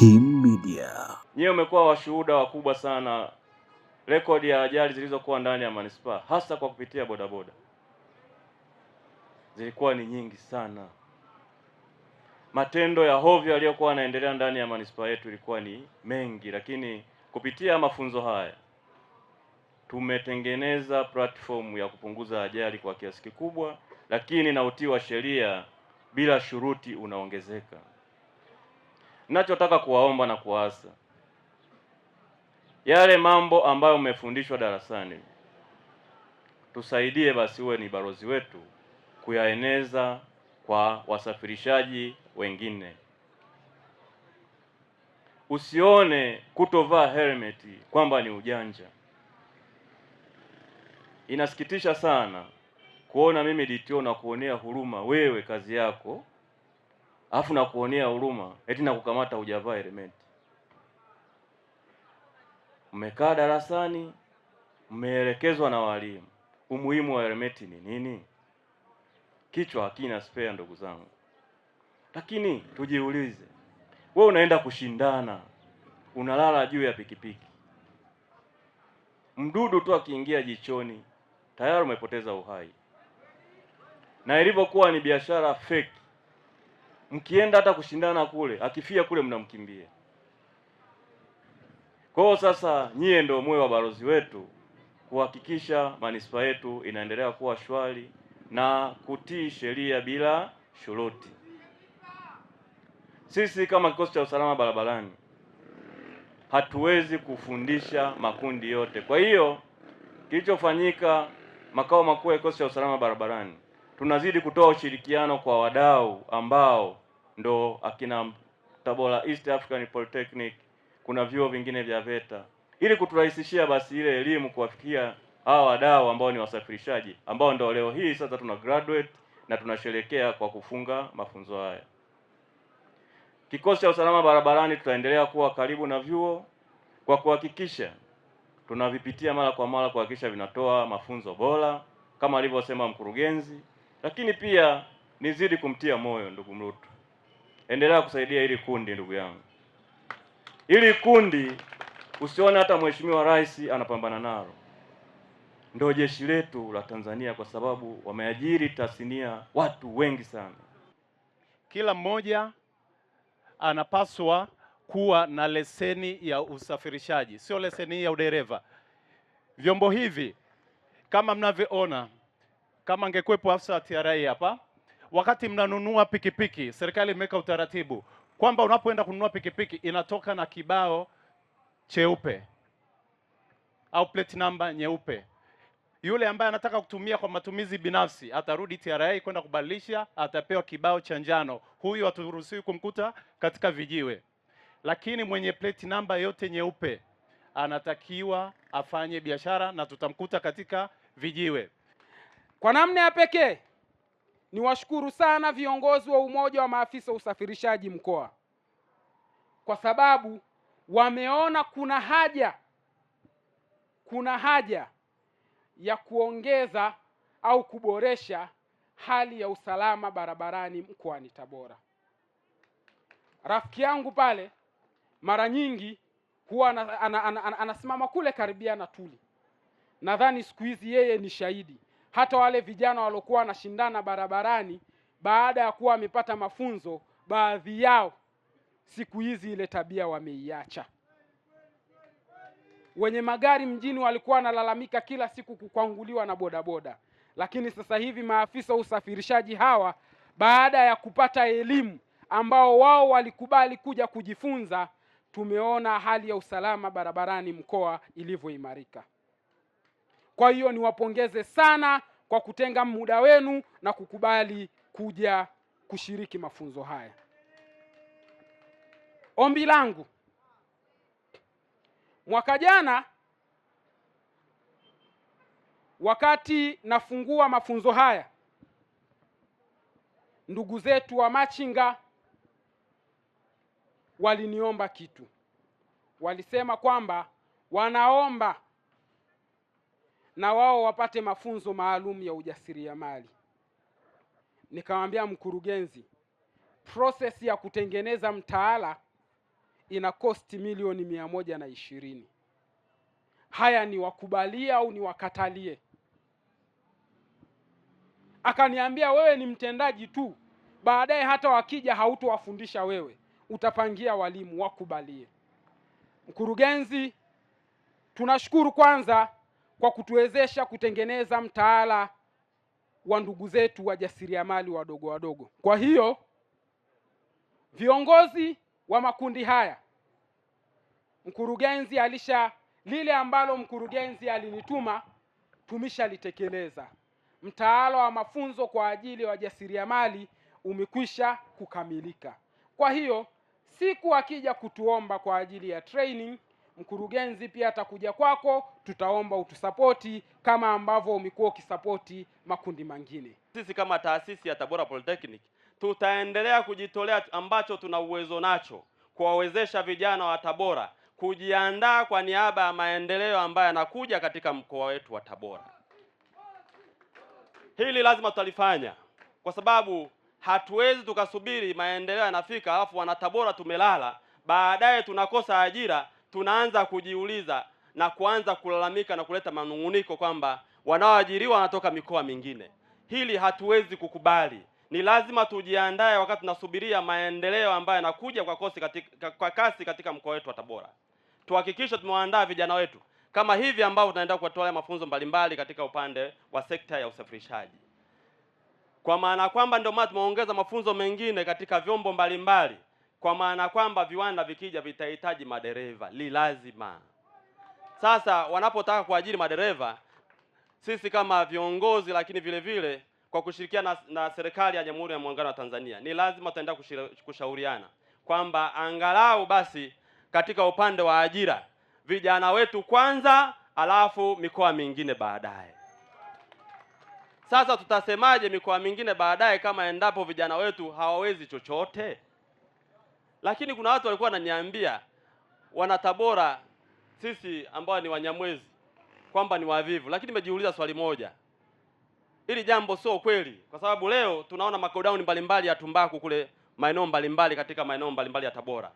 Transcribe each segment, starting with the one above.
Kim Media. Nyewe umekuwa washuhuda wakubwa sana rekodi ya ajali zilizokuwa ndani ya manispaa hasa kwa kupitia bodaboda zilikuwa ni nyingi sana. Matendo ya hovyo yaliyokuwa yanaendelea ndani ya manispaa yetu ilikuwa ni mengi, lakini kupitia mafunzo haya tumetengeneza platform ya kupunguza ajali kwa kiasi kikubwa, lakini na utii wa sheria bila shuruti unaongezeka. Ninachotaka kuwaomba na kuwaasa, yale mambo ambayo mmefundishwa darasani, tusaidie basi, uwe ni balozi wetu kuyaeneza kwa wasafirishaji wengine. Usione kutovaa helmeti kwamba ni ujanja. Inasikitisha sana kuona mimi DTO na kuonea huruma wewe, kazi yako afu na kuonea huruma eti na kukamata hujavaa helmet. Mmekaa darasani, mmeelekezwa na walimu umuhimu wa helmet ni nini? Kichwa hakina spare, ndugu zangu. Lakini tujiulize, we unaenda kushindana, unalala juu ya pikipiki, mdudu tu akiingia jichoni tayari umepoteza uhai, na ilivyokuwa ni biashara fake mkienda hata kushindana kule, akifia kule mnamkimbia. Kwa hiyo sasa, nyie ndio mwe wabalozi wetu kuhakikisha manispaa yetu inaendelea kuwa shwari na kutii sheria bila shuruti. Sisi kama kikosi cha usalama barabarani hatuwezi kufundisha makundi yote. Kwa hiyo kilichofanyika makao makuu ya kikosi cha usalama barabarani tunazidi kutoa ushirikiano kwa wadau ambao ndo akina Tabora East African Polytechnic, kuna vyuo vingine vya VETA ili kuturahisishia basi ile elimu kuwafikia hawa wadau ambao ni wasafirishaji ambao ndo leo hii sasa tuna graduate na tunasherekea kwa kufunga mafunzo haya. Kikosi cha usalama barabarani tutaendelea kuwa karibu na vyuo kwa kuhakikisha tunavipitia mara kwa mara kuhakikisha vinatoa mafunzo bora kama alivyosema mkurugenzi, lakini pia nizidi kumtia moyo ndugu Mrutu, endelea kusaidia hili kundi ndugu yangu, hili kundi usione hata mheshimiwa rais anapambana nalo, ndio jeshi letu la Tanzania, kwa sababu wameajiri tasnia watu wengi sana. Kila mmoja anapaswa kuwa na leseni ya usafirishaji, sio leseni ya udereva. Vyombo hivi kama mnavyoona kama angekuwepo afisa wa TRA hapa, wakati mnanunua pikipiki, serikali imeweka utaratibu kwamba unapoenda kununua pikipiki inatoka na kibao cheupe au plate number nyeupe. Yule ambaye anataka kutumia kwa matumizi binafsi atarudi TRA kwenda kubadilisha, atapewa kibao cha njano. Huyu haturuhusiwi kumkuta katika vijiwe, lakini mwenye plate number yote nyeupe anatakiwa afanye biashara na tutamkuta katika vijiwe. Kwa namna ya pekee niwashukuru sana viongozi wa umoja wa maafisa usafirishaji mkoa, kwa sababu wameona kuna haja kuna haja ya kuongeza au kuboresha hali ya usalama barabarani mkoani Tabora. Rafiki yangu pale mara nyingi huwa ana, ana, ana, ana, anasimama kule karibia na Tuli, nadhani siku hizi yeye ni shahidi. Hata wale vijana waliokuwa wanashindana barabarani, baada ya kuwa wamepata mafunzo, baadhi yao siku hizi ile tabia wameiacha. Wenye magari mjini walikuwa wanalalamika kila siku kukwanguliwa na bodaboda, lakini sasa hivi maafisa usafirishaji hawa baada ya kupata elimu ambao wao walikubali kuja kujifunza, tumeona hali ya usalama barabarani mkoa ilivyoimarika. Kwa hiyo niwapongeze sana kwa kutenga muda wenu na kukubali kuja kushiriki mafunzo haya. Ombi langu mwaka jana wakati nafungua mafunzo haya, ndugu zetu wa machinga waliniomba kitu, walisema kwamba wanaomba na wao wapate mafunzo maalum ya ujasiriamali. Nikamwambia mkurugenzi, process ya kutengeneza mtaala ina kosti milioni mia moja na ishirini. Haya ni wakubalie au ni wakatalie? Akaniambia wewe ni mtendaji tu, baadaye hata wakija hautowafundisha wewe, utapangia walimu wakubalie. Mkurugenzi, tunashukuru kwanza kwa kutuwezesha kutengeneza mtaala wa ndugu zetu wajasiriamali wadogo wadogo. Kwa hiyo viongozi wa makundi haya, mkurugenzi alisha lile ambalo mkurugenzi alinituma tumeshalitekeleza. Mtaala wa mafunzo kwa ajili ya wajasiriamali umekwisha kukamilika. Kwa hiyo siku akija kutuomba kwa ajili ya training mkurugenzi pia atakuja kwako, tutaomba utusapoti kama ambavyo umekuwa ukisapoti makundi mengine. Sisi kama taasisi ya Tabora Polytechnic tutaendelea kujitolea ambacho tuna uwezo nacho kuwawezesha vijana wa Tabora kujiandaa kwa niaba ya maendeleo ambayo yanakuja katika mkoa wetu wa Tabora. Hili lazima tutalifanya kwa sababu hatuwezi tukasubiri maendeleo yanafika alafu wanatabora tumelala, baadaye tunakosa ajira tunaanza kujiuliza na kuanza kulalamika na kuleta manung'uniko kwamba wanaoajiriwa wanatoka mikoa mingine. Hili hatuwezi kukubali. Ni lazima tujiandae wakati tunasubiria maendeleo ambayo yanakuja kwa kasi katika, kwa kasi katika mkoa wetu wa Tabora. Tuhakikishe tumewaandaa vijana wetu kama hivi ambao tunaenda kuwatolea mafunzo mbalimbali katika upande wa sekta ya usafirishaji, kwa maana kwamba ndio maana tumeongeza mafunzo mengine katika vyombo mbalimbali kwa maana kwamba viwanda vikija vitahitaji madereva, li lazima. Sasa wanapotaka kuajiri madereva, sisi kama viongozi, lakini vile vile kwa kushirikiana na, na serikali ya Jamhuri ya Muungano wa Tanzania, ni lazima tutaendelea kushauriana kwamba angalau basi katika upande wa ajira vijana wetu kwanza, alafu mikoa mingine baadaye. Sasa tutasemaje mikoa mingine baadaye kama endapo vijana wetu hawawezi chochote? Lakini kuna watu walikuwa wananiambia wana Tabora sisi ambao ni Wanyamwezi kwamba ni wavivu, lakini nimejiuliza swali moja, hili jambo sio kweli, kwa sababu leo tunaona magodown mbalimbali ya tumbaku kule maeneo mbalimbali, katika maeneo mbalimbali ya Tabora.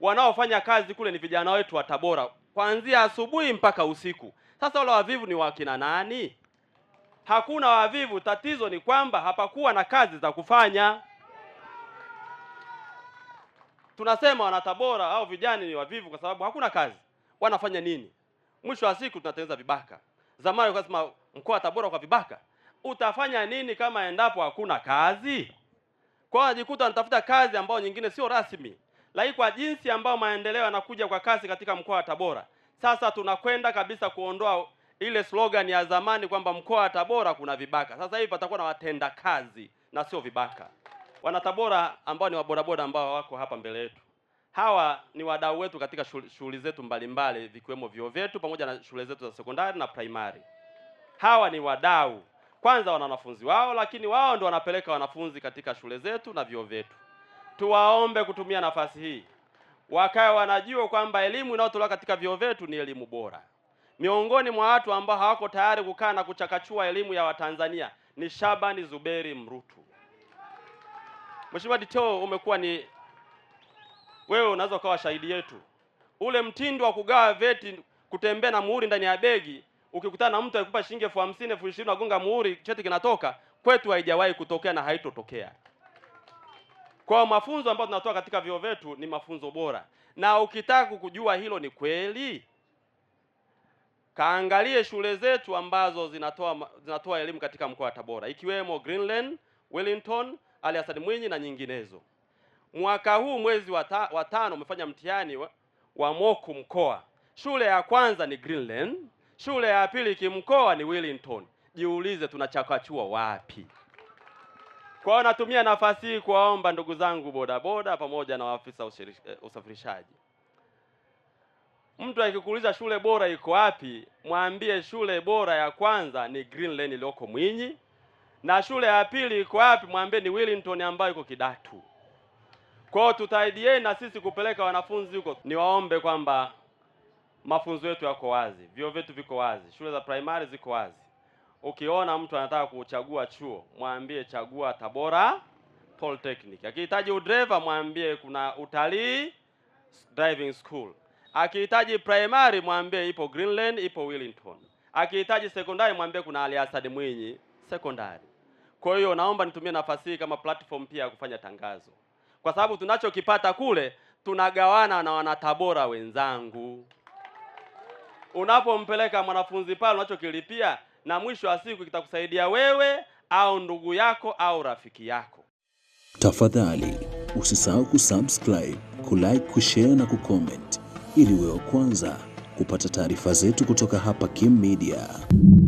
Wanaofanya kazi kule ni vijana wetu wa Tabora kuanzia asubuhi mpaka usiku. Sasa wale wavivu ni wakina nani? Hakuna wavivu, tatizo ni kwamba hapakuwa na kazi za kufanya. Tunasema wanatabora au vijana ni wavivu kwa sababu hakuna kazi. Wanafanya nini? Mwisho wa siku tunatengeneza vibaka. Zamani sema mkoa wa Tabora kwa vibaka. Utafanya nini kama endapo hakuna kazi? Kwa ajikuta anatafuta kazi ambayo nyingine sio rasmi. Lakini kwa jinsi ambayo maendeleo yanakuja kwa kasi katika mkoa wa Tabora, sasa tunakwenda kabisa kuondoa ile slogan ya zamani kwamba mkoa wa Tabora kuna vibaka. Sasa hivi patakuwa na watenda kazi na sio vibaka. Wanatabora ambao ni wabodaboda ambao wako hapa mbele yetu, hawa ni wadau wetu katika shughuli zetu mbalimbali vikiwemo vyuo vyetu pamoja na shule zetu za sekondari na primary. Hawa ni wadau kwanza, wana wanafunzi wao, lakini wao ndio wanapeleka wanafunzi katika shule zetu na vyuo vyetu. Tuwaombe kutumia nafasi hii, wakae wanajua kwamba elimu inayotolewa katika vyuo vyetu ni elimu bora. Miongoni mwa watu ambao hawako tayari kukaa na kuchakachua elimu ya Watanzania ni Shabani Zuberi Mrutu. Mheshimiwa Diteo, umekuwa ni wewe, unaweza ukawa shahidi yetu. Ule mtindo wa kugawa veti kutembea na muhuri ndani ya begi, ukikutana na mtu akikupa shilingi elfu hamsini elfu ishirini muhuri, cheti kinatoka, kwetu haijawahi kutokea na haitotokea. Kwa mafunzo ambayo tunatoa katika vyuo vyetu ni mafunzo bora, na ukitaka kujua hilo ni kweli, kaangalie shule zetu ambazo zinatoa zinatoa elimu katika mkoa wa Tabora ikiwemo Greenland, Wellington ali Hassan Mwinyi na nyinginezo. Mwaka huu mwezi wa tano umefanya mtihani wa, wa moku mkoa. Shule ya kwanza ni Greenland, shule ya pili kimkoa ni Wellington. Jiulize tunachakachua wapi? Kwao natumia nafasi hii kuwaomba ndugu zangu bodaboda pamoja na waafisa eh, usafirishaji, mtu akikuuliza shule bora iko wapi, mwambie shule bora ya kwanza ni Greenland iliyoko Mwinyi na shule ya pili iko wapi? Mwambie ni Wellington ambayo iko Kidatu. Kwa hiyo tutaidieni na sisi kupeleka wanafunzi huko. Niwaombe kwamba mafunzo yetu yako wazi, vyuo vyetu viko wazi, shule za primary ziko wazi. Ukiona mtu anataka kuchagua chuo, mwambie chagua Tabora Polytechnic. Akihitaji udreva, mwambie kuna utalii driving school. Akihitaji primary, mwambie ipo Greenland, ipo Wellington. Akihitaji sekondari, mwambie kuna Ali Asad Mwinyi sekondari. Kwa hiyo naomba nitumie nafasi hii kama platform pia ya kufanya tangazo, kwa sababu tunachokipata kule tunagawana na wanatabora wenzangu. Unapompeleka mwanafunzi pale, unachokilipia na mwisho wa siku kitakusaidia wewe au ndugu yako au rafiki yako. Tafadhali usisahau kusubscribe, kulike, kushare na kucomment ili wewe kwanza kupata taarifa zetu kutoka hapa Kim Media.